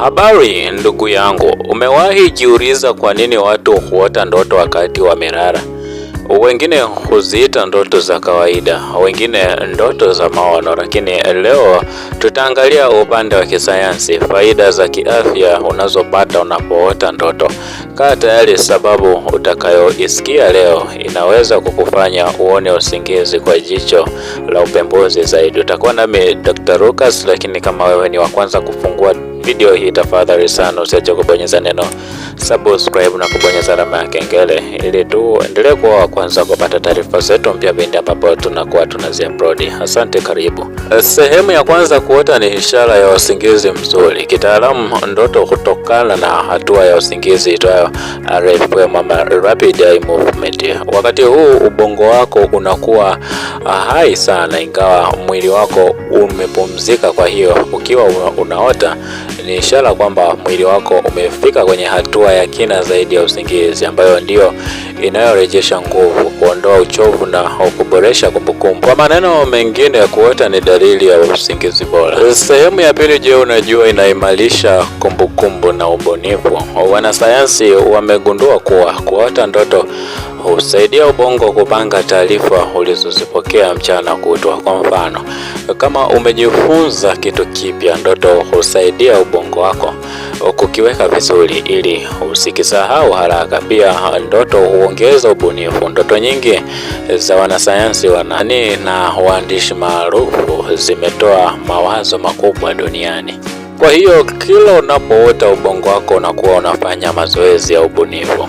Habari ndugu yangu, umewahi jiuliza kwa nini watu huota ndoto wakati wa mirara Wengine huziita ndoto za kawaida, wengine ndoto za maono, lakini leo tutaangalia upande wa kisayansi, faida za kiafya unazopata unapoota ndoto. Kaa tayari, sababu utakayoisikia leo inaweza kukufanya uone usingizi kwa jicho la upembuzi zaidi. Utakuwa nami Dr. Lucas, lakini kama wewe ni wa kwanza kufungua video hii, tafadhali sana usiache kubonyeza neno subscribe na kubonyeza alama ya kengele ili tu endelee kuwa wa kwanza kupata taarifa zetu mpya pindi ambapo tunakuwa upload. Asante, karibu. Sehemu ya kwanza, kuota ni ishara ya usingizi mzuri. Kitaalamu, ndoto kutokana na hatua ya usingizi itwayo REM ama rapid eye movement. Wakati huu ubongo wako unakuwa ah, hai sana, ingawa mwili wako umepumzika. Kwa hiyo ukiwa unaota ni ishara kwamba mwili wako umefika kwenye hatua ya kina zaidi ya usingizi, ambayo ndiyo inayorejesha nguvu, kuondoa uchovu na kuboresha kumbukumbu. Kwa maneno mengine, kuota ni dalili ya usingizi bora. Sehemu ya pili, je, unajua inaimarisha kumbukumbu na ubunifu? Wanasayansi wamegundua kuwa kuota ndoto husaidia ubongo kupanga taarifa ulizozipokea mchana kutwa. Kwa mfano, kama umejifunza kitu kipya, ndoto husaidia ubongo mpango wako kukiweka vizuri ili usikisahau haraka. Pia ndoto huongeza ubunifu. Ndoto nyingi za wanasayansi, wanani na waandishi maarufu zimetoa mawazo makubwa duniani. Kwa hiyo kila unapoota ubongo wako unakuwa unafanya mazoezi ya ubunifu.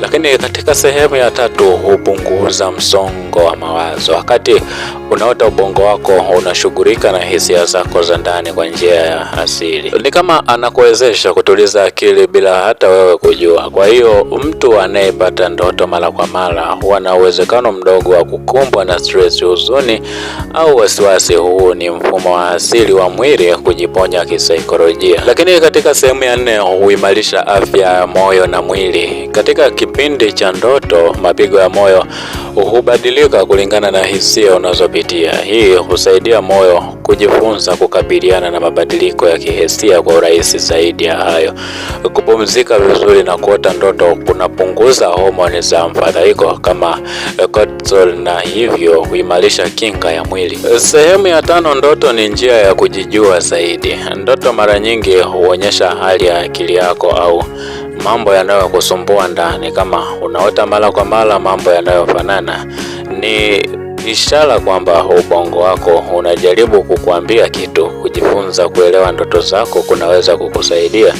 Lakini katika sehemu ya tatu hupunguza msongo wa mawazo. Wakati unaota ubongo wako unashughulika na hisia zako za ndani kwa njia ya asili, ni kama anakuwezesha kutuliza akili bila hata wewe kujua. Kwa hiyo mtu anayepata ndoto mara kwa mara huwa na uwezekano mdogo wa kukumbwa na stress, huzuni au wasiwasi. Huu ni mfumo wa asili wa mwili kujiponya kisaikolojia. Lakini katika sehemu ya nne huimarisha afya ya moyo na mwili katika katika kipindi cha ndoto, mapigo ya moyo hubadilika kulingana na hisia unazopitia. Hii husaidia moyo kujifunza kukabiliana na mabadiliko ya kihisia kwa urahisi. Zaidi ya hayo, kupumzika vizuri na kuota ndoto kunapunguza homoni za mfadhaiko kama cortisol na hivyo kuimarisha kinga ya mwili. Sehemu ya tano, ndoto ni njia ya kujijua zaidi. Ndoto mara nyingi huonyesha hali ya akili yako au mambo yanayokusumbua ndani, kama unaota mara kwa mara mambo yanayofanana, ni ishara kwamba ubongo wako unajaribu kukuambia kitu. Kujifunza kuelewa ndoto zako kunaweza kukusaidia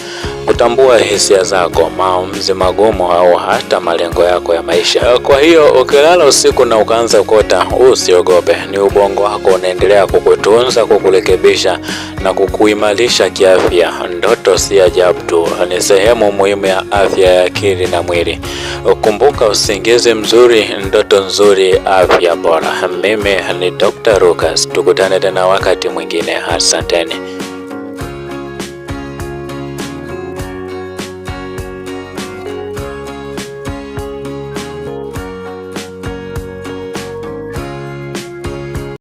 kutambua hisia zako, maamuzi magumu, au hata malengo yako ya maisha. Kwa hiyo ukilala usiku na ukaanza kuota, usiogope, ni ubongo wako unaendelea kukutunza, kukurekebisha na kukuimarisha kiafya. Ndoto si ajabu tu, ni sehemu muhimu ya afya ya akili na mwili. Kumbuka, usingizi mzuri, ndoto nzuri, afya bora. Mimi ni Dr. Lucas, tukutane tena wakati mwingine. Asanteni.